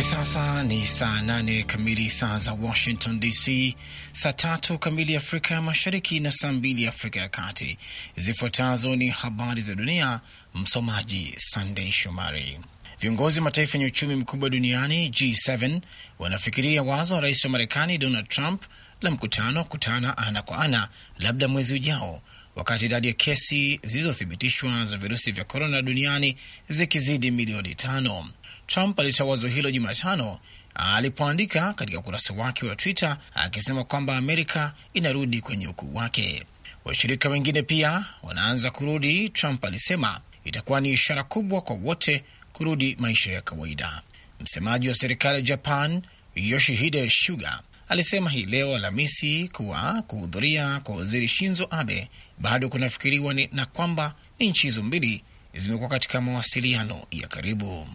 Hivi sasa ni saa nane kamili saa za Washington DC, saa tatu kamili Afrika ya Mashariki na saa mbili Afrika ya Kati. Zifuatazo ni habari za dunia, msomaji Sandei Shomari. Viongozi wa mataifa yenye uchumi mkubwa duniani G7 wanafikiria wazo wa rais wa Marekani Donald Trump la mkutano wa kutana ana kwa ana labda mwezi ujao, wakati idadi ya kesi zilizothibitishwa za virusi vya korona duniani zikizidi milioni tano. Trump alitoa wazo hilo Jumatano alipoandika katika ukurasa wake wa Twitter akisema kwamba Amerika inarudi kwenye ukuu wake. Washirika wengine pia wanaanza kurudi, Trump alisema. Itakuwa ni ishara kubwa kwa wote kurudi maisha ya kawaida. Msemaji wa serikali ya Japan Yoshihide Suga alisema hii leo Alhamisi kuwa kuhudhuria kwa waziri Shinzo Abe bado kunafikiriwa na kwamba nchi hizo mbili zimekuwa katika mawasiliano ya karibu.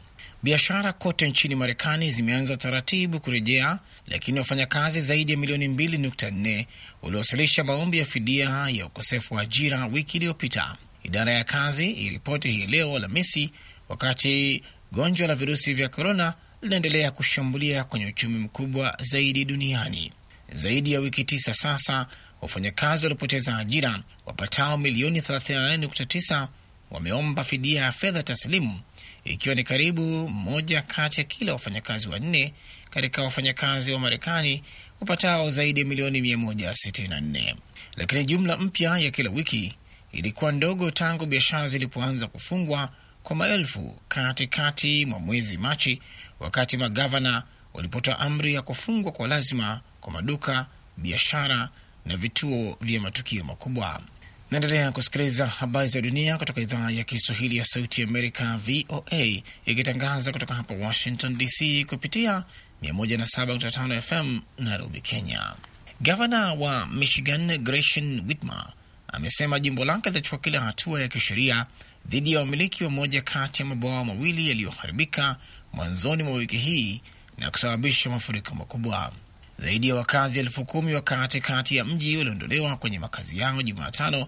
Biashara kote nchini Marekani zimeanza taratibu kurejea, lakini wafanyakazi zaidi ya milioni 2.4 waliwasilisha maombi ya fidia ya ukosefu wa ajira wiki iliyopita, idara ya kazi iripoti hii leo Alhamisi, wakati gonjwa la virusi vya korona linaendelea kushambulia kwenye uchumi mkubwa zaidi duniani. Zaidi ya wiki tisa sasa, wafanyakazi waliopoteza ajira wapatao milioni 38.9 wameomba fidia ya fedha taslimu ikiwa ni karibu mmoja kati ya kila wafanyakazi wanne katika wafanyakazi wa Marekani wapatao zaidi ya milioni 164. Lakini jumla mpya ya kila wiki ilikuwa ndogo tangu biashara zilipoanza kufungwa kwa maelfu katikati mwa mwezi Machi, wakati magavana walipotoa amri ya kufungwa kwa lazima kwa maduka, biashara na vituo vya matukio makubwa. Naendelea kusikiliza habari za dunia kutoka idhaa ya Kiswahili ya Sauti Amerika, VOA, ikitangaza kutoka hapa Washington DC kupitia 107.5 FM Nairobi, Kenya. Gavana wa Michigan Gretchen Whitmer amesema jimbo lake litachukua kila hatua ya kisheria dhidi ya wamiliki wa moja kati ya mabwawa mawili yaliyoharibika mwanzoni mwa wiki hii na kusababisha mafuriko makubwa. Zaidi ya wakazi elfu kumi wa katikati ya mji waliondolewa kwenye makazi yao Jumatano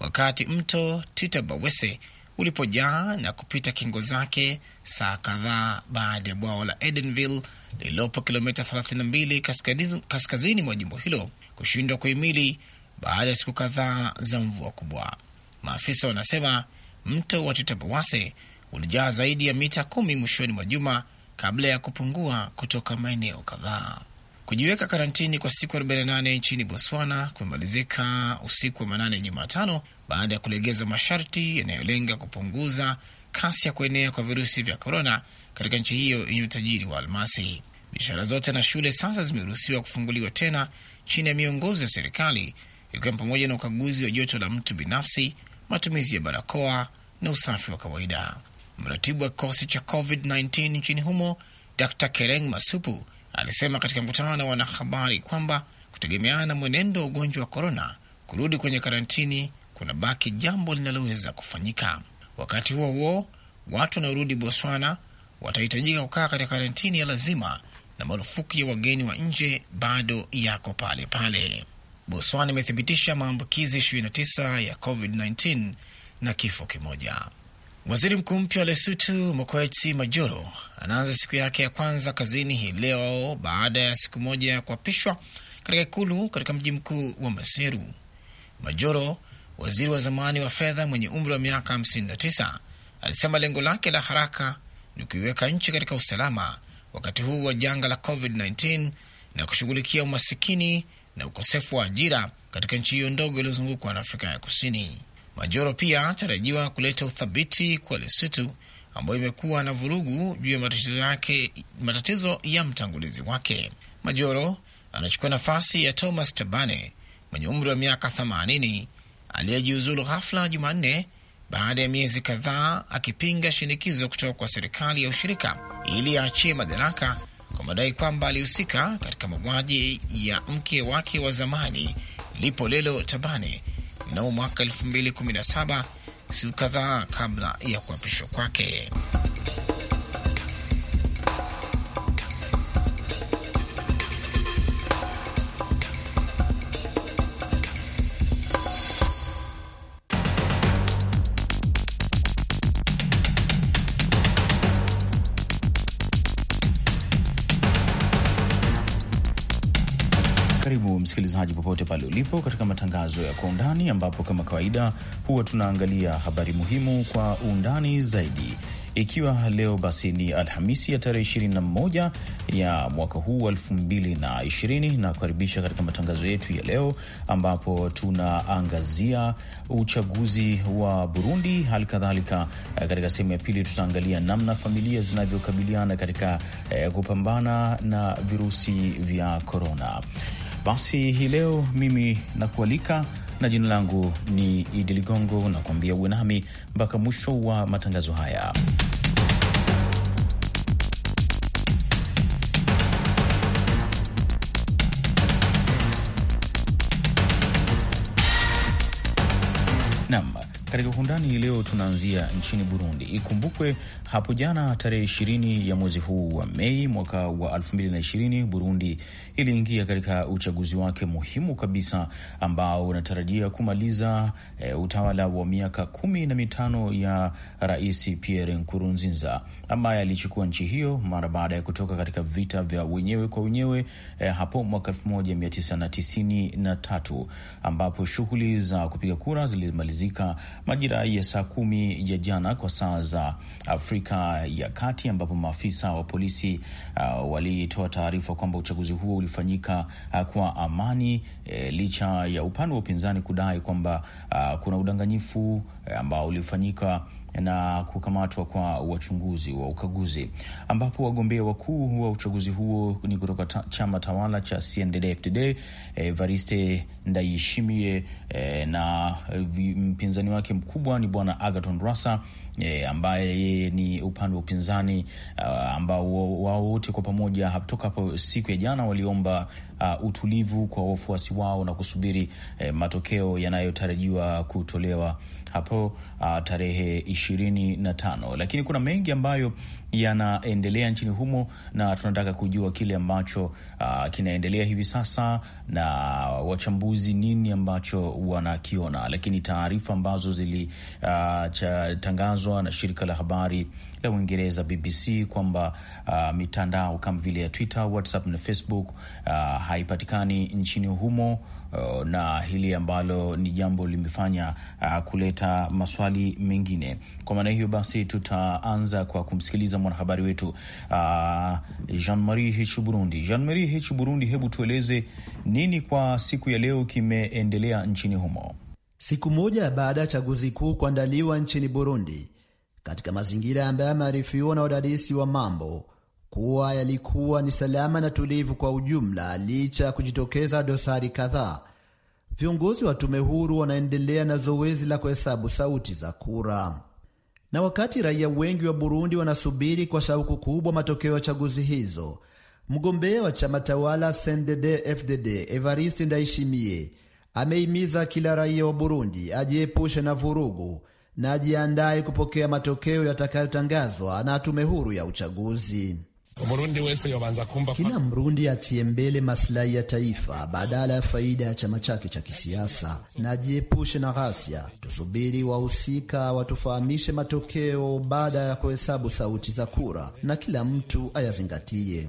wakati mto Titabawese ulipojaa na kupita kingo zake saa kadhaa baada ya bwawa la Edenville lililopo kilomita 32 kaskazini, kaskazini mwa jimbo hilo kushindwa kuhimili baada ya siku kadhaa za mvua kubwa. Maafisa wanasema mto wa Titabawase ulijaa zaidi ya mita kumi mwishoni mwa juma kabla ya kupungua kutoka maeneo kadhaa. Kujiweka karantini kwa siku 48 nchini Botswana kumemalizika usiku wa manane Jumatano baada ya kulegeza masharti yanayolenga kupunguza kasi ya kuenea kwa virusi vya korona katika nchi hiyo yenye utajiri wa almasi. Biashara zote na shule sasa zimeruhusiwa kufunguliwa tena chini ya miongozo ya serikali, ikiwa pamoja na ukaguzi wa joto la mtu binafsi, matumizi ya barakoa na usafi wa kawaida. Mratibu wa kikosi cha COVID-19 nchini humo Dr Kereng Masupu alisema katika mkutano na wanahabari kwamba kutegemeana na mwenendo wa ugonjwa wa korona, kurudi kwenye karantini kuna baki jambo linaloweza kufanyika. Wakati huo huo, watu wanaorudi Botswana watahitajika kukaa katika karantini ya lazima na marufuku ya wageni wa nje bado yako pale pale. Botswana imethibitisha maambukizi 29 ya COVID-19 na kifo kimoja. Waziri mkuu mpya wa Lesutu Mokoetsi Majoro anaanza siku yake ya kwanza kazini hii leo baada ya siku moja ya kuapishwa katika ikulu katika mji mkuu wa Maseru. Majoro, waziri wa zamani wa fedha mwenye umri wa miaka 59, alisema lengo lake la haraka ni kuiweka nchi katika usalama wakati huu wa janga la COVID-19 na kushughulikia umasikini na ukosefu wa ajira katika nchi hiyo ndogo iliyozungukwa na Afrika ya Kusini. Majoro pia tarajiwa kuleta uthabiti kwa Lesotho ambayo imekuwa na vurugu juu ya matatizo yake, matatizo ya mtangulizi wake. Majoro anachukua nafasi ya Thomas Tabane mwenye umri wa miaka 80 aliyejiuzulu ghafla Jumanne baada ya miezi kadhaa akipinga shinikizo kutoka kwa serikali ya ushirika ili aachie madaraka kwa madai kwamba alihusika katika mauaji ya mke wake wa zamani Lipolelo Tabane mnamo mwaka 2017 siku kadhaa kabla ya kuapishwa kwake. msikilizaji, popote pale ulipo, katika matangazo ya kwa undani, ambapo kama kawaida huwa tunaangalia habari muhimu kwa undani zaidi. Ikiwa leo basi ni Alhamisi ya tarehe 21 ya mwaka huu 2020, na kukaribisha katika matangazo yetu ya leo, ambapo tunaangazia uchaguzi wa Burundi. Hali kadhalika eh, katika sehemu ya pili tutaangalia namna familia zinavyokabiliana katika eh, kupambana na virusi vya korona. Basi hii leo mimi nakualika na jina langu ni Idi Ligongo, nakuambia uwe nami mpaka mwisho wa matangazo haya. Naam. Katika Undani leo tunaanzia nchini Burundi. Ikumbukwe hapo jana tarehe ishirini ya mwezi huu wa Mei mwaka wa ishirini Burundi iliingia katika uchaguzi wake muhimu kabisa ambao unatarajia kumaliza e, utawala wa miaka kumi na mitano ya Rais Pierre Nkurunziza ambaye alichukua nchi hiyo mara baada ya kutoka katika vita vya wenyewe kwa wenyewe e, hapo mwaka tatu ambapo shughuli za kupiga kura zilimalizika majira ya saa kumi ya jana kwa saa za Afrika ya Kati, ambapo maafisa wa polisi uh, walitoa taarifa kwamba uchaguzi huo ulifanyika uh, kwa amani e, licha ya upande wa upinzani kudai kwamba uh, kuna udanganyifu eh, ambao ulifanyika na kukamatwa kwa wachunguzi wa ukaguzi, ambapo wagombea wakuu wa uchaguzi huo ni kutoka ta, chama tawala cha CNDD-FDD Evariste Ndayishimiye e, na mpinzani wake mkubwa ni bwana Agaton Rasa e, ambaye yeye ni upande wa upinzani ambao wao wote kwa pamoja toka hapo siku ya jana waliomba Uh, utulivu kwa wafuasi wao na kusubiri eh, matokeo yanayotarajiwa kutolewa hapo uh, tarehe ishirini na tano, lakini kuna mengi ambayo yanaendelea nchini humo na tunataka kujua kile ambacho uh, kinaendelea hivi sasa na wachambuzi nini ambacho wanakiona, lakini taarifa ambazo zilitangazwa ah, uh, na shirika la habari la Uingereza BBC kwamba uh, mitandao kama vile ya Twitter, WhatsApp na Facebook uh, haipatikani nchini humo Oh, na hili ambalo ni jambo limefanya uh, kuleta maswali mengine. Kwa maana hiyo basi, tutaanza kwa kumsikiliza mwanahabari wetu uh, ah, Jean Marie H Burundi. Jean Marie H Burundi, hebu tueleze nini kwa siku ya leo kimeendelea nchini humo, siku moja baada ya chaguzi kuu kuandaliwa nchini Burundi katika mazingira ambayo amearifiwa na wadadisi wa mambo kuwa yalikuwa ni salama na tulivu kwa ujumla licha ya kujitokeza dosari kadhaa. Viongozi wa tume huru wanaendelea na zoezi la kuhesabu sauti za kura, na wakati raia wengi wa Burundi wanasubiri kwa shauku kubwa matokeo ya chaguzi hizo, mgombea wa chama tawala CNDD FDD Evariste Ndayishimiye ameimiza kila raia wa Burundi ajiepushe na vurugu na ajiandaye kupokea matokeo yatakayotangazwa na tume huru ya uchaguzi. Kila Mrundi atiye mbele masilahi ya taifa badala ya faida ya chama chake cha kisiasa, na ajiepushe na ghasia. Tusubiri wahusika watufahamishe matokeo baada ya kuhesabu sauti za kura, na kila mtu ayazingatie.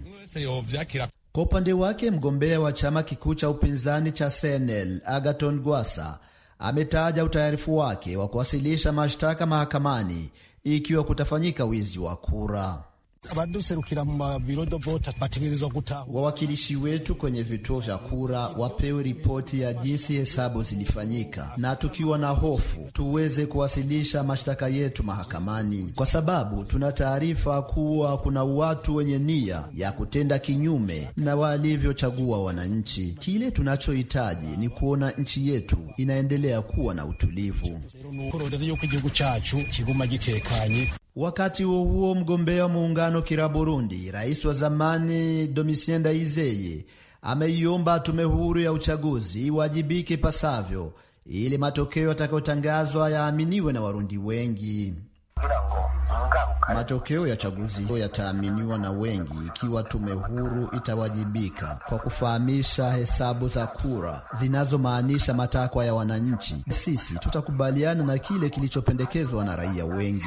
Kwa upande wake, mgombea wa chama kikuu cha upinzani cha Senel Agaton Gwasa ametaja utayarifu wake wa kuwasilisha mashtaka mahakamani ikiwa kutafanyika wizi wa kura abaduserukira mu mabiro do vota bategerezwa gutaha. Wawakilishi wetu kwenye vituo vya kura wapewe ripoti ya jinsi hesabu zilifanyika, na tukiwa na hofu tuweze kuwasilisha mashtaka yetu mahakamani, kwa sababu tuna taarifa kuwa kuna watu wenye nia ya kutenda kinyume na walivyochagua wananchi. Kile tunachohitaji ni kuona nchi yetu inaendelea kuwa na utulivu. Wakati huo huo, mgombea wa muungano kira Burundi, rais wa zamani Domitien Ndayizeye ameiomba tume huru ya uchaguzi iwajibike ipasavyo ili matokeo yatakayotangazwa yaaminiwe na Warundi wengi. Matokeo ya chaguzi yataaminiwa na wengi ikiwa tume huru itawajibika kwa kufahamisha hesabu za kura zinazomaanisha matakwa ya wananchi. Sisi tutakubaliana na kile kilichopendekezwa na raia wengi.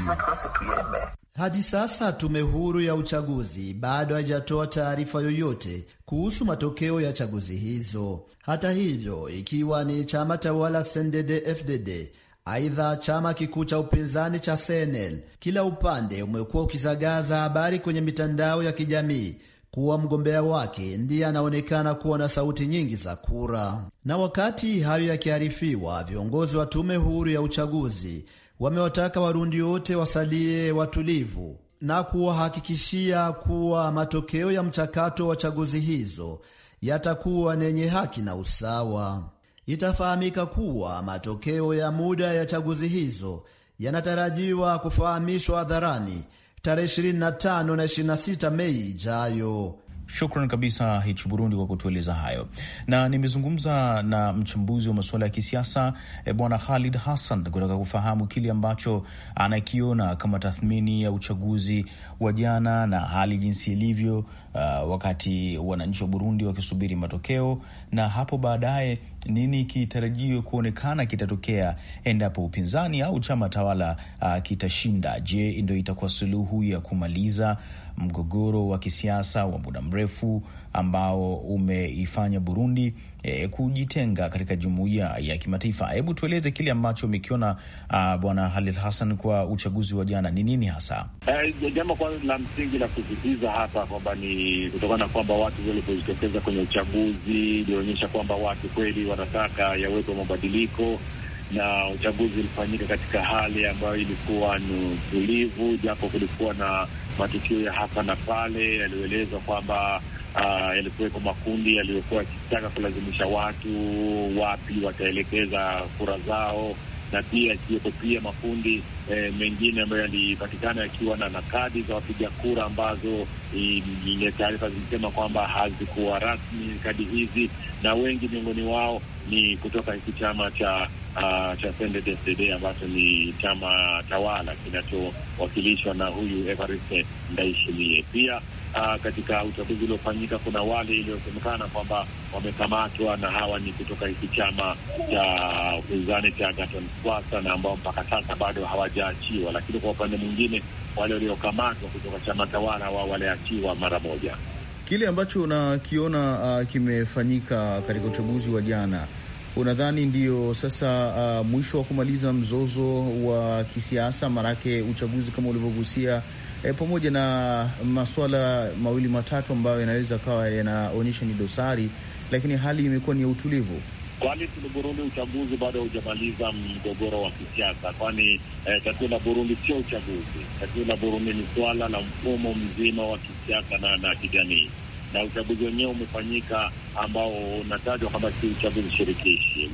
Hadi sasa tume huru ya uchaguzi bado haijatoa taarifa yoyote kuhusu matokeo ya chaguzi hizo. Hata hivyo, ikiwa ni chama tawala CNDD-FDD Aidha, chama kikuu cha upinzani cha CNL kila upande umekuwa ukizagaza habari kwenye mitandao ya kijamii kuwa mgombea wake ndiye anaonekana kuwa na sauti nyingi za kura. Na wakati hayo yakiharifiwa, viongozi wa tume huru ya uchaguzi wamewataka Warundi wote wasalie watulivu na kuwahakikishia kuwa matokeo ya mchakato wa chaguzi hizo yatakuwa nenye haki na usawa itafahamika kuwa matokeo ya muda ya chaguzi hizo yanatarajiwa kufahamishwa hadharani tarehe 25 na 26 Mei ijayo. Shukran kabisa Hich Burundi kwa kutueleza hayo, na nimezungumza na mchambuzi wa masuala ya kisiasa e, Bwana Khalid Hassan kutaka kufahamu kile ambacho anakiona kama tathmini ya uchaguzi wa jana na hali jinsi ilivyo, uh, wakati wananchi wa Burundi wakisubiri matokeo na hapo baadaye nini kitarajiwe kuonekana kitatokea endapo upinzani au chama tawala uh, kitashinda? Je, ndo itakuwa suluhu ya kumaliza mgogoro wa kisiasa wa muda mrefu ambao umeifanya Burundi e, kujitenga katika jumuiya ya kimataifa. Hebu tueleze kile ambacho umekiona ah, Bwana Halil Hassan kwa uchaguzi wa jana ni nini hasa? E, jambo kwanza la msingi la kusisitiza hapa kwamba ni kutokana na kwamba watu walivyojitokeza kwenye uchaguzi ilionyesha kwamba watu kweli wanataka yawepo mabadiliko na uchaguzi ulifanyika katika hali ambayo ilikuwa ni tulivu, japo kulikuwa na matukio ya hapa na pale yaliyoelezwa kwamba uh, yalikuweko makundi yaliyokuwa yakitaka kulazimisha watu wapi wataelekeza kura zao, na pia ikiwepo pia makundi e, mengine ambayo yalipatikana yakiwa na nakadi za wapiga kura ambazo e taarifa zilisema kwamba hazikuwa rasmi kadi hizi, na wengi miongoni wao ni kutoka hiki chama cha uh, cha CNDD-FDD ambacho ni chama tawala kinachowakilishwa na huyu Evariste Ndayishimiye. Pia uh, katika uchaguzi uliofanyika kuna wale iliyosemekana kwamba wamekamatwa na hawa ni kutoka hiki chama cha upinzani cha Agathon Rwasa na ambao mpaka sasa bado hawaja hawajaachiwa, lakini kwa upande mwingine wale waliokamatwa kutoka chama tawala wao waliachiwa mara moja. Kile ambacho unakiona uh, kimefanyika katika uchaguzi wa jana, unadhani ndio sasa uh, mwisho wa kumaliza mzozo wa kisiasa? Maanake uchaguzi kama ulivyogusia E, pamoja na masuala mawili matatu ambayo yanaweza kawa yanaonyesha ni dosari, lakini hali imekuwa ni ya utulivu kwani nchini Burundi uchaguzi bado haujamaliza mgogoro wa kisiasa, kwani eh, tatizo la Burundi sio uchaguzi. Tatizo la Burundi ni suala la mfumo mzima wa kisiasa na na kijamii na uchaguzi wenyewe umefanyika ambao unatajwa kama si uchaguzi shirikishi.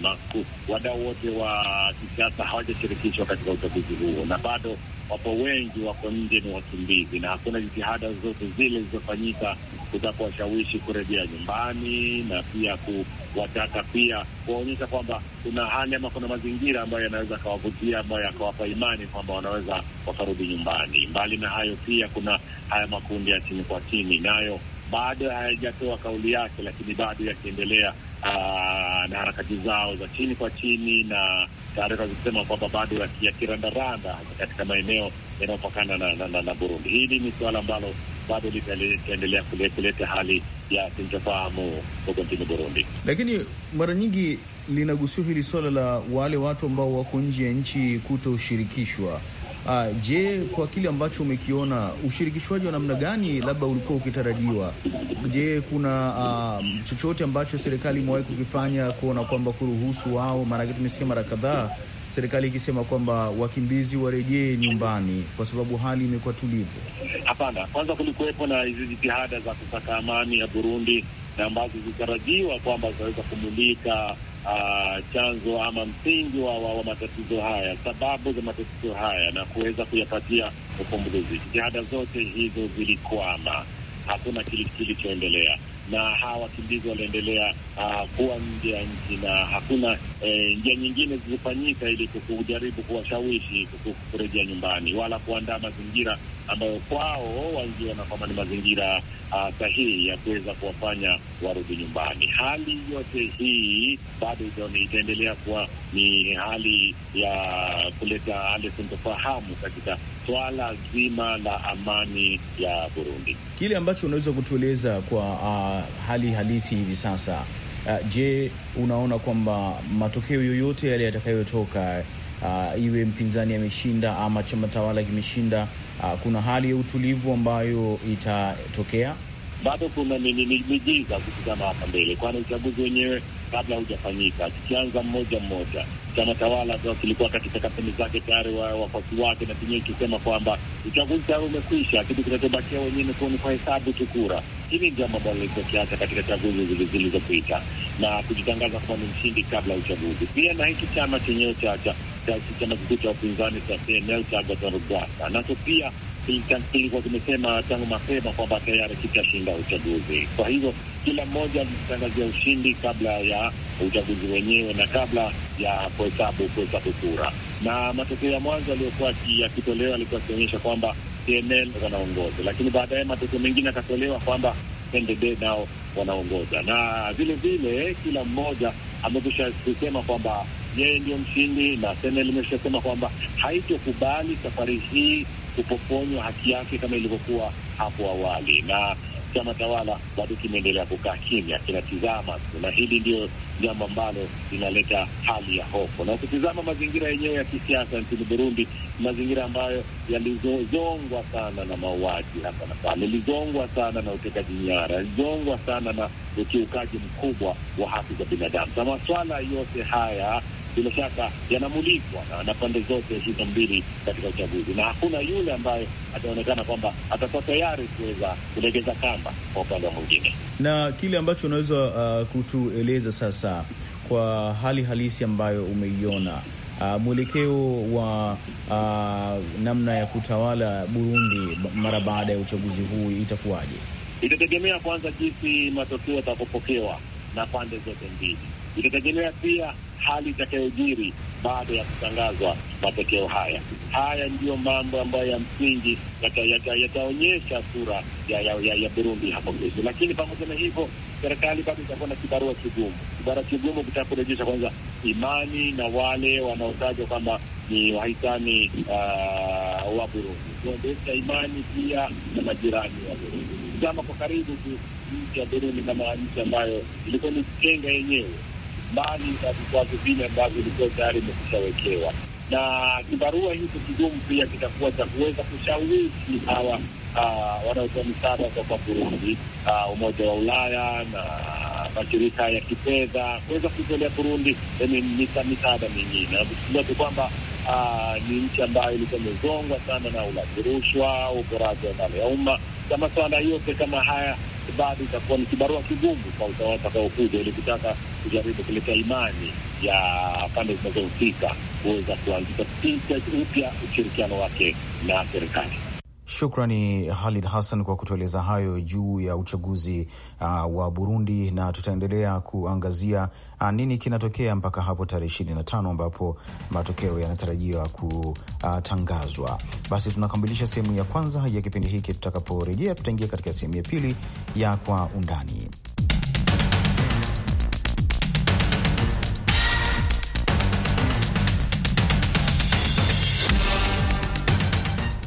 Wadau wote wa kisiasa hawajashirikishwa katika uchaguzi huo, na bado wapo wengi wako nje, ni wakimbizi, na hakuna jitihada zote zile zilizofanyika kuweza kuwashawishi kurejea nyumbani na pia kuwataka pia kuwaonyesha kwamba kuna hali ama kuna mazingira ambayo yanaweza akawavutia ambayo yakawapa imani kwamba wanaweza wakarudi nyumbani. Mbali na hayo, pia kuna haya makundi ya chini kwa chini nayo bado hayajatoa kauli yake, lakini bado yakiendelea ah, na harakati zao za chini kwa chini, na taarifa zikisema kwamba bado yakirandaranda katika maeneo yanayopakana na, na, na, na Burundi. Hili ni suala ambalo bado litaendelea kuleta hali ya sintofahamu huko nchini Burundi, lakini mara nyingi linagusiwa hili suala la wale watu ambao wako nje ya nchi kutoshirikishwa Uh, je, kwa kile ambacho umekiona ushirikishwaji wa namna gani labda ulikuwa ukitarajiwa? Je, kuna uh, chochote ambacho serikali imewahi kukifanya kuona kwamba kuruhusu wao, maanake tumesikia mara kadhaa serikali ikisema kwamba wakimbizi warejee nyumbani kwa sababu hali imekuwa tulivu. Hapana, kwanza kulikuwepo na hizi jitihada za kusaka amani ya Burundi na ambazo zilitarajiwa kwamba zinaweza kumulika uh, chanzo ama msingi wa, wa, wa matatizo haya, sababu za matatizo haya na kuweza kuyapatia ufumbuzi. Jitihada zote hizo zilikwama, hakuna kilichoendelea na hawa wakimbizi waliendelea uh, kuwa nje ya nchi na hakuna eh, njia nyingine zilizofanyika ili kujaribu kuwashawishi kurejea nyumbani wala kuandaa mazingira ambayo kwao waliona kwamba ni mazingira uh, sahihi ya kuweza kuwafanya warudi nyumbani. Hali yote hii bado itaendelea kuwa ni hali ya kuleta hali sintofahamu katika swala zima la amani ya Burundi. Kile ambacho unaweza kutueleza kwa uh, hali halisi hivi sasa uh, je, unaona kwamba matokeo yoyote yale yatakayotoka, uh, iwe mpinzani ameshinda ama chama tawala kimeshinda uh, kuna hali ya utulivu ambayo itatokea? Bado kuna mijiza kutizama hapa mbele, kwani uchaguzi wenyewe kabla haujafanyika, tukianza mmoja mmoja chama tawala kilikuwa katika kampeni zake tayari, wafuasi wake na chenyewe ikisema kwamba uchaguzi tayari umekwisha, kitu kinachobakia wenyewe imekuwa ni hesabu tu kura. Hili ni jambo ambalo lilitokeacha katika chaguzi zilizopita na kujitangaza kwamba ni mshindi kabla ya uchaguzi. Pia na hiki chama chenyewe chacha chama kikuu cha upinzani cha CNL cha Agathon Rwanda, nacho pia kilikuwa kimesema tangu mapema kwamba tayari kitashinda uchaguzi. Kwa hivyo kila mmoja alijitangazia ushindi kabla ya uchaguzi wenyewe na kabla ya kuhesabu kuhesabu kura, na matokeo ya mwanzo aliyokuwa yakitolewa alikuwa akionyesha kwamba CNL wanaongoza, lakini baadaye matokeo mengine akatolewa kwamba NDD nao wanaongoza, na vile vile kila mmoja amekwisha kusema kwamba yeye ndio mshindi, na tena limeshasema kwamba haitokubali safari hii kupokonywa haki yake kama ilivyokuwa hapo awali, na chama tawala bado kimeendelea kukaa kimya, kinatizama tu, na hili ndio jambo ambalo linaleta hali ya hofu. Na ukitizama mazingira yenyewe ya kisiasa nchini Burundi, mazingira ambayo yalizongwa sana na mauaji hapa na pale, lilizongwa sana na utekaji nyara, lizongwa sana na ukiukaji mkubwa wa haki za binadamu. Na maswala yote haya bila shaka yanamulikwa na, na pande zote hizo mbili katika uchaguzi, na hakuna yule ambaye ataonekana kwamba atakuwa tayari kuweza kulegeza kamba kwa upande wa mwingine. Na kile ambacho unaweza uh, kutueleza sasa sasa kwa hali halisi ambayo umeiona, uh, mwelekeo wa uh, namna ya kutawala Burundi mara baada ya uchaguzi huu itakuwaje? Itategemea kwanza jinsi matokeo yatakapopokewa na pande zote mbili. Itategemea pia hali itakayojiri baada ya kutangazwa matokeo haya. Haya ndiyo mambo ambayo ya msingi yataonyesha yata, yata sura ya, ya, ya, ya Burundi hapo kesho, lakini pamoja na hivyo serikali bado itakuwa na kibarua kigumu. Kibarua kigumu kitaka kurejesha kwanza imani na wale wanaotajwa kwamba ni wahisani uh, wa Burundi, kuondesha imani pia na majirani wa Burundi. Kama kwa karibu tu nchi ya Burundi kama nchi ambayo ilikuwa ni kenga yenyewe, mbali na vikwazo vile ambavyo ilikuwa tayari imekushawekewa, na kibarua hicho kigumu pia kitakuwa cha kuweza kushawishi hawa Ah, wanaotoa misaada kutoka Burundi, uh, ah, Umoja wa Ulaya na mashirika ya kifedha kuweza kuitolea Burundi yaani misaada mingine, nakusulia tu kwamba ah, ni nchi ambayo ilikuwa imezongwa sana na ulaji rushwa, uporaji wa mali ya umma na masuala yote kama haya, bado itakuwa ni kibarua kigumu kwa utawala utakaokuja, ili kutaka kujaribu kuleta imani ya pande zinazohusika kuweza kuanzisha upya ushirikiano wake na serikali. Shukrani halid Hassan kwa kutueleza hayo juu ya uchaguzi uh, wa Burundi, na tutaendelea kuangazia uh, nini kinatokea mpaka hapo tarehe tano ambapo matokeo yanatarajiwa kutangazwa. Basi tunakamilisha sehemu ya kwanza ya kipindi hiki. Tutakaporejea, tutaingia katika sehemu ya pili ya Kwa Undani.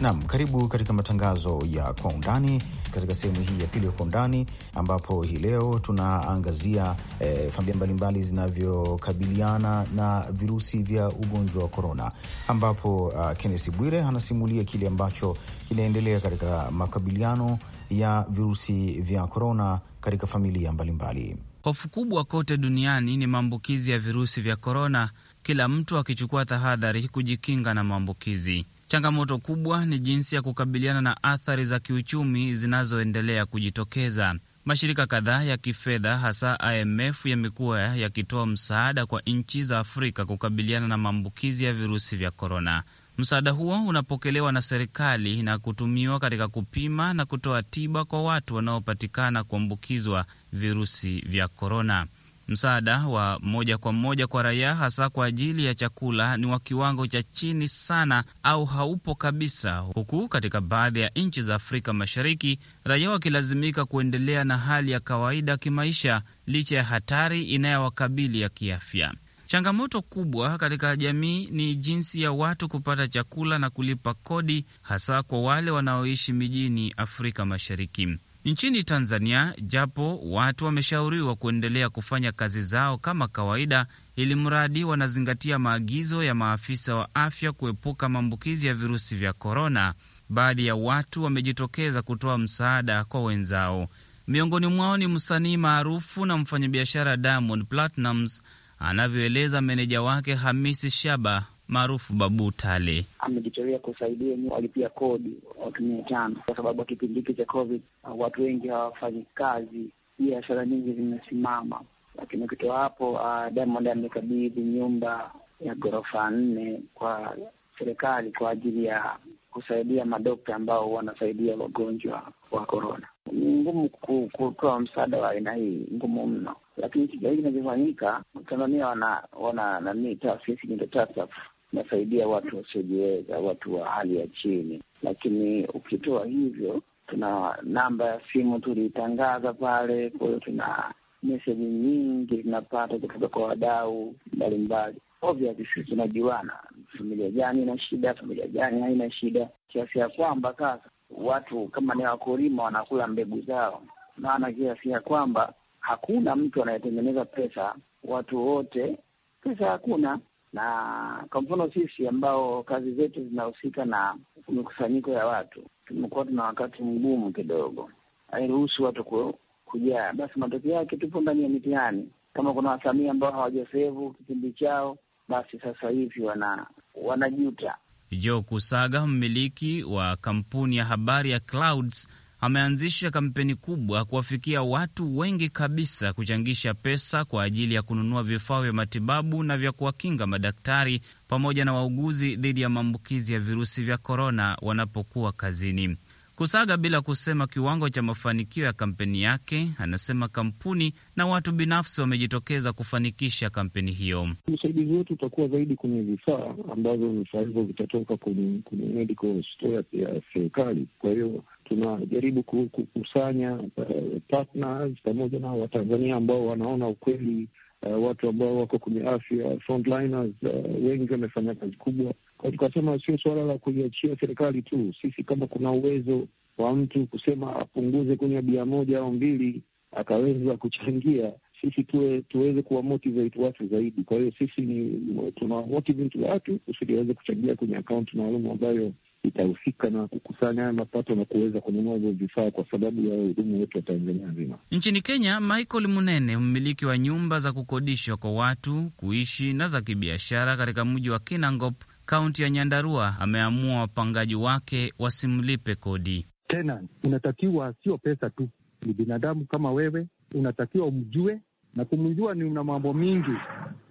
Nam, karibu katika matangazo ya kwa undani katika sehemu hii ya pili ya kwa undani, ambapo hii leo tunaangazia e, familia mbalimbali zinavyokabiliana na virusi vya ugonjwa wa korona, ambapo uh, ah, Kennesi Bwire anasimulia kile ambacho kinaendelea katika makabiliano ya virusi vya korona katika familia mbalimbali. Hofu kubwa kote duniani ni maambukizi ya virusi vya korona, kila mtu akichukua tahadhari kujikinga na maambukizi. Changamoto kubwa ni jinsi ya kukabiliana na athari za kiuchumi zinazoendelea kujitokeza. Mashirika kadhaa ya kifedha hasa IMF yamekuwa yakitoa msaada kwa nchi za Afrika kukabiliana na maambukizi ya virusi vya korona. Msaada huo unapokelewa na serikali na kutumiwa katika kupima na kutoa tiba kwa watu wanaopatikana kuambukizwa virusi vya korona. Msaada wa moja kwa moja kwa raia, hasa kwa ajili ya chakula, ni wa kiwango cha chini sana au haupo kabisa, huku katika baadhi ya nchi za Afrika Mashariki raia wakilazimika kuendelea na hali ya kawaida kimaisha licha ya hatari inayowakabili ya kiafya. Changamoto kubwa katika jamii ni jinsi ya watu kupata chakula na kulipa kodi, hasa kwa wale wanaoishi mijini Afrika Mashariki. Nchini Tanzania, japo watu wameshauriwa kuendelea kufanya kazi zao kama kawaida, ili mradi wanazingatia maagizo ya maafisa wa afya kuepuka maambukizi ya virusi vya korona, baadhi ya watu wamejitokeza kutoa msaada kwa wenzao. Miongoni mwao ni msanii maarufu na mfanyabiashara Diamond Platnumz, anavyoeleza meneja wake Hamisi Shaba maarufu Babu Tale amejitolea kusaidia walipia kodi watu mia tano kwa sababu kipindi hiki cha Covid uh, watu wengi hawafanyi kazi, biashara nyingi zimesimama. Lakini ukitoa hapo, uh, Diamond amekabidhi nyumba ya ghorofa nne kwa serikali kwa ajili ya kusaidia madokta ambao wanasaidia wagonjwa wa korona. Ni ngumu kutoa msaada wa aina hii, ngumu mno, lakini kija kinachofanyika Tanzania wana wana nani taasisi NETOTASAF nasaidia watu wasiojiweza, watu wa hali ya chini. Lakini ukitoa hivyo, tuna namba ya simu tuliitangaza pale, kwa hiyo tuna meseji nyingi tunapata kutoka kwa wadau mbalimbali. Obviously sisi tunajuana, familia gani ina shida, familia gani haina shida, kiasi ya kwamba sasa watu kama ni wakulima wanakula mbegu zao, maana kiasi ya kwamba hakuna mtu anayetengeneza pesa, watu wote pesa hakuna na kwa mfano sisi ambao kazi zetu zinahusika na mikusanyiko ya watu, tumekuwa tuna wakati mgumu kidogo, hairuhusu watu kujaa. Basi matokeo yake tupo ndani ya mitihani. Kama kuna wasamii ambao hawajasevu kipindi chao, basi sasa hivi wana wanajuta. Jo Kusaga, mmiliki wa kampuni ya habari ya Clouds ameanzisha kampeni kubwa kuwafikia watu wengi kabisa, kuchangisha pesa kwa ajili ya kununua vifaa vya matibabu na vya kuwakinga madaktari pamoja na wauguzi dhidi ya maambukizi ya virusi vya korona wanapokuwa kazini kusaga bila kusema kiwango cha mafanikio ya kampeni yake. Anasema kampuni na watu binafsi wamejitokeza kufanikisha kampeni hiyo. Usaidizi wetu utakuwa zaidi kwenye vifaa ambavyo vifaa hivyo vitatoka kwenye kwenye medical store ya serikali. Kwa hiyo tunajaribu kukusanya uh, partners pamoja na Watanzania ambao wanaona ukweli, uh, watu ambao wako kwenye afya frontliners, uh, wengi wamefanya kazi kubwa tukasema sio suala la kuiachia serikali tu. Sisi kama kuna uwezo wa mtu kusema apunguze kunywa bia moja au mbili, akaweza kuchangia sisi tuwe, tuweze kuwa motivate watu zaidi. Kwa hiyo sisi ni tuna motivate watu kusudi waweze kuchangia kwenye akaunti maalum ambayo itahusika na kukusanya haya mapato na kuweza kununua hivyo vifaa kwa sababu ya wahudumu wetu wa Tanzania nzima. Nchini Kenya, Michael Munene, mmiliki wa nyumba za kukodishwa kwa watu kuishi na za kibiashara katika mji wa Kinangop, kaunti ya Nyandarua ameamua wapangaji wake wasimlipe kodi tena. Unatakiwa sio pesa tu, ni binadamu kama wewe, unatakiwa umjue na kumjua ni una mambo mingi,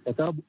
kwa sababu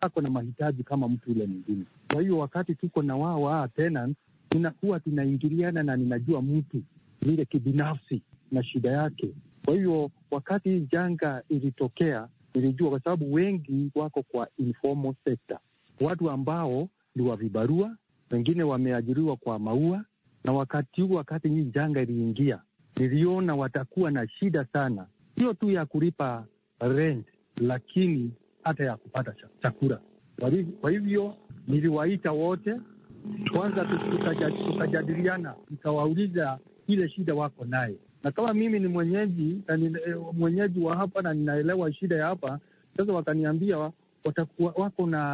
ako na mahitaji kama mtu yule mwingine. Kwa hiyo wakati tuko na wao wa tena, tunakuwa tunaingiliana na ninajua mtu vile kibinafsi na shida yake. Kwa hiyo wakati hii janga ilitokea, nilijua kwa sababu wengi wako kwa informal sector, watu ambao ni wa vibarua, wengine wameajiriwa kwa maua. Na wakati huu, wakati hii janga iliingia, niliona watakuwa na shida sana, sio tu ya kulipa rent, lakini hata ya kupata chakula. Kwa hivyo niliwaita wote, kwanza tukajadiliana, nikawauliza ile shida wako naye, na kama mimi ni mwenyeji eh, mwenyeji wa hapa na ninaelewa shida ya hapa sasa, wakaniambia watakuwa wako na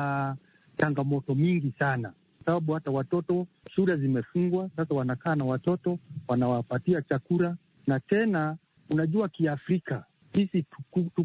changamoto mingi sana, sababu hata watoto shule zimefungwa. Sasa wanakaa na watoto, wanawapatia chakula, na tena unajua Kiafrika sisi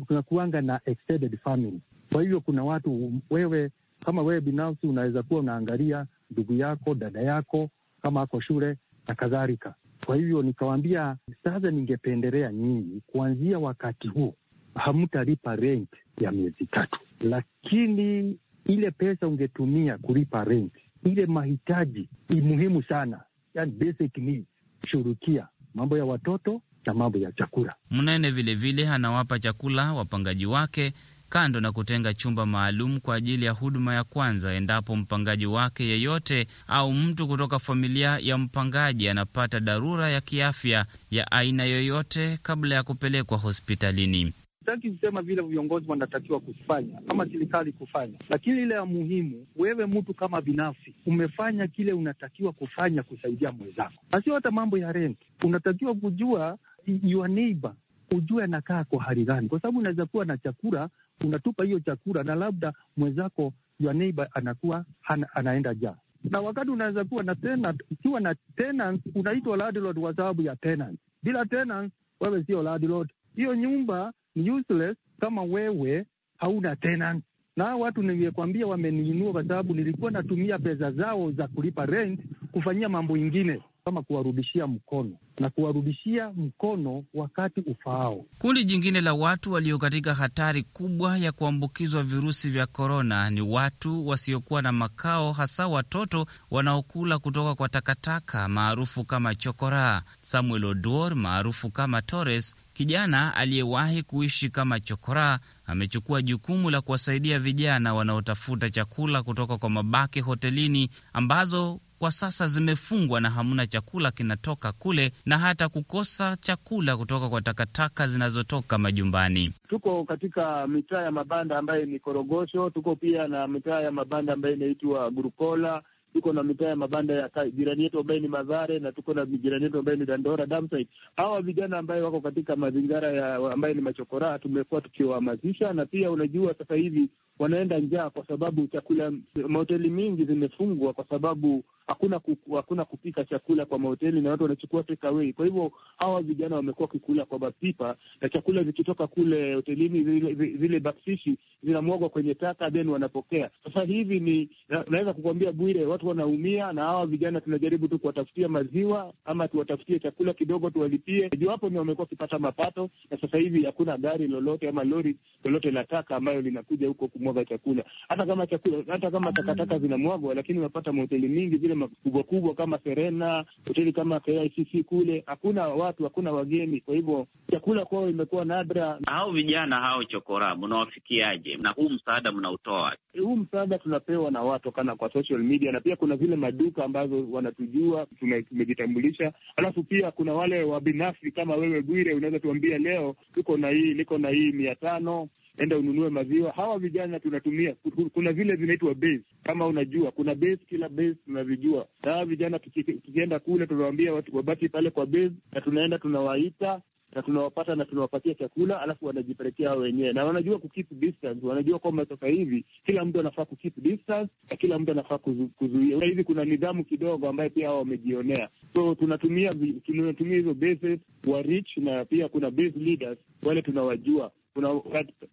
tunakuanga na extended family. Kwa hivyo kuna watu, wewe kama wewe binafsi unaweza kuwa unaangalia ndugu yako, dada yako kama ako shule na kadhalika. Kwa hivyo nikawambia sasa ningependelea nyinyi kuanzia wakati huo hamtalipa rent ya miezi tatu, lakini ile pesa ungetumia kulipa renti, ile mahitaji ni muhimu sana, yani basic needs, shurukia mambo ya watoto na mambo ya chakula. Mnene vilevile vile anawapa chakula wapangaji wake, kando na kutenga chumba maalum kwa ajili ya huduma ya kwanza endapo mpangaji wake yeyote au mtu kutoka familia ya mpangaji anapata dharura ya kiafya ya aina yoyote kabla ya kupelekwa hospitalini sitaki kusema vile viongozi wanatakiwa kufanya ama serikali kufanya, lakini ile ya muhimu, wewe mtu kama binafsi umefanya kile unatakiwa kufanya kusaidia mwenzako, na sio hata mambo ya rent. Unatakiwa kujua your neighbor, ujue anakaa kwa hali gani, kwa sababu unaweza kuwa na chakula unatupa hiyo chakula na labda mwenzako your neighbor anakuwa ana, anaenda jaa na wakati unaweza kuwa na tenant, ukiwa na tenant unaitwa landlord kwa sababu ya tenant. Bila tenant wewe sio landlord. Hiyo nyumba ni useless kama wewe hauna tenant. Na watu niliyekwambia wameniinua kwa sababu nilikuwa natumia pesa zao za kulipa rent kufanyia mambo ingine kama kuwarudishia mkono na kuwarudishia mkono wakati ufaao. Kundi jingine la watu walio katika hatari kubwa ya kuambukizwa virusi vya korona ni watu wasiokuwa na makao, hasa watoto wanaokula kutoka kwa takataka maarufu kama chokoraa. Samuel Oduor maarufu kama Torres Kijana aliyewahi kuishi kama chokora amechukua jukumu la kuwasaidia vijana wanaotafuta chakula kutoka kwa mabaki hotelini ambazo kwa sasa zimefungwa na hamna chakula kinatoka kule, na hata kukosa chakula kutoka kwa takataka zinazotoka majumbani. Tuko katika mitaa ya mabanda ambayo ni Korogosho, tuko pia na mitaa ya mabanda ambayo inaitwa Gurukola tuko na mitaa ya mabanda ya jirani yetu ambaye ni Mathare na tuko na jirani yetu ambaye ni Dandora Damsite. Hawa vijana ambaye wako katika mazingara ya ambaye ni machokoraa tumekuwa tukiwahamasisha, na pia unajua sasa hivi wanaenda njaa kwa sababu chakula, mahoteli mingi zimefungwa kwa sababu hakuna kuku, hakuna kupika chakula kwa mahoteli na watu wanachukua take away. Kwa hivyo hawa vijana wamekuwa wakikula kwa mapipa na chakula zikitoka kule hotelini zile, zile bakshishi zinamwagwa kwenye taka then wanapokea. Sasa hivi ni naweza kukuambia Bwire, watu wanaumia, na hawa vijana tunajaribu tu kuwatafutia maziwa ama tuwatafutie chakula kidogo tuwalipie, iwapo ni wamekuwa wakipata mapato, na sasa hivi hakuna gari lolote ama lori lolote la taka ambayo linakuja huko kumwaga chakula, hata kama chakula, hata kama takataka zinamwagwa, lakini unapata mahoteli mingi zile kubwa kubwa kama Serena, hoteli kama KICC kule, hakuna watu, hakuna wageni. Kwa hivyo chakula kwao imekuwa nadra. Hao vijana hao chokora, mnawafikiaje? na huu msaada mnautoa? Huu msaada tunapewa na watu kana kwa social media, na pia kuna zile maduka ambazo wanatujua, tumejitambulisha. Alafu pia kuna wale wabinafsi kama wewe Bwire, unaweza tuambia leo tuko na hii niko na hii mia tano enda ununue maziwa. Hawa vijana tunatumia, kuna vile vinaitwa base, kama unajua kuna base, kila base tunavijua. Na hawa vijana tukienda kule, tunawaambia watu wabaki pale kwa base, na tunaenda tunawaita na tunawapata na tunawapatia chakula, alafu wanajipelekea wao wenyewe, na wanajua kukeep distance. Wanajua kwamba sasa hivi kila mtu anafaa kukeep distance na kila mtu anafaa kuzuia. Sasa hivi kuna nidhamu kidogo ambayo pia hao wamejionea, so tunatumia tunatumia hizo bases wa rich, na pia kuna base leaders wale tunawajua kuna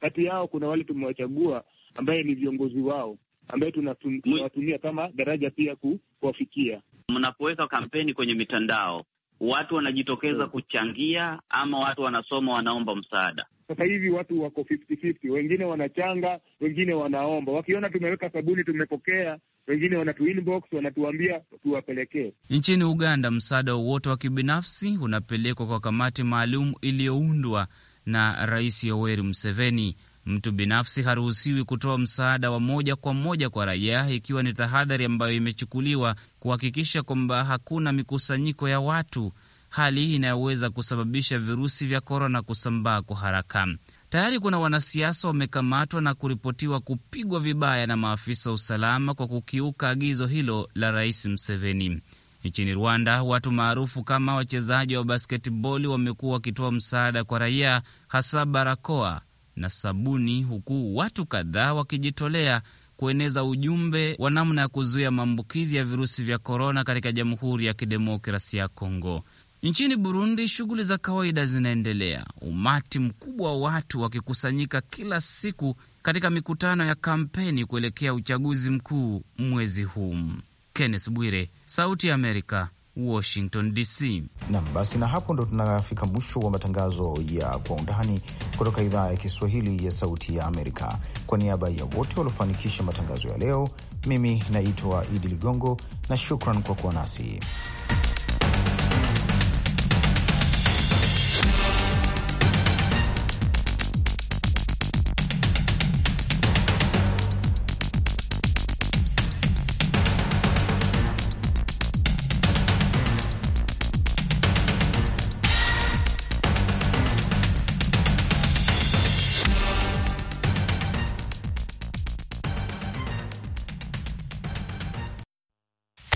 kati yao kuna wale tumewachagua ambaye ni viongozi wao ambaye tunawatumia kama daraja pia kuwafikia. Mnapoweka kampeni kwenye mitandao, watu wanajitokeza hmm. kuchangia ama watu wanasoma wanaomba msaada? Sasa hivi watu wako 50-50, wengine wanachanga, wengine wanaomba. Wakiona tumeweka sabuni, tumepokea. Wengine wanatu inbox, wanatuambia tuwapelekee. Nchini Uganda, msaada wowote wa kibinafsi unapelekwa kwa kamati maalum iliyoundwa na Rais Yoweri Museveni. Mtu binafsi haruhusiwi kutoa msaada wa moja kwa moja kwa raia, ikiwa ni tahadhari ambayo imechukuliwa kuhakikisha kwamba hakuna mikusanyiko ya watu, hali inayoweza kusababisha virusi vya korona kusambaa kwa haraka. Tayari kuna wanasiasa wamekamatwa na kuripotiwa kupigwa vibaya na maafisa wa usalama kwa kukiuka agizo hilo la Rais mseveni Nchini Rwanda, watu maarufu kama wachezaji wa basketboli wamekuwa wakitoa msaada kwa raia, hasa barakoa na sabuni, huku watu kadhaa wakijitolea kueneza ujumbe wa namna ya kuzuia maambukizi ya virusi vya korona katika Jamhuri ya Kidemokrasia ya Kongo. Nchini Burundi, shughuli za kawaida zinaendelea, umati mkubwa wa watu wakikusanyika kila siku katika mikutano ya kampeni kuelekea uchaguzi mkuu mwezi huu. Kenneth Bwire, Sauti ya Amerika, Washington DC. Nam basi, na hapo ndo tunafika mwisho wa matangazo ya Kwa Undani kutoka idhaa ya Kiswahili ya Sauti ya Amerika. Kwa niaba ya wote waliofanikisha matangazo ya leo, mimi naitwa Idi Ligongo na shukran kwa kuwa nasi.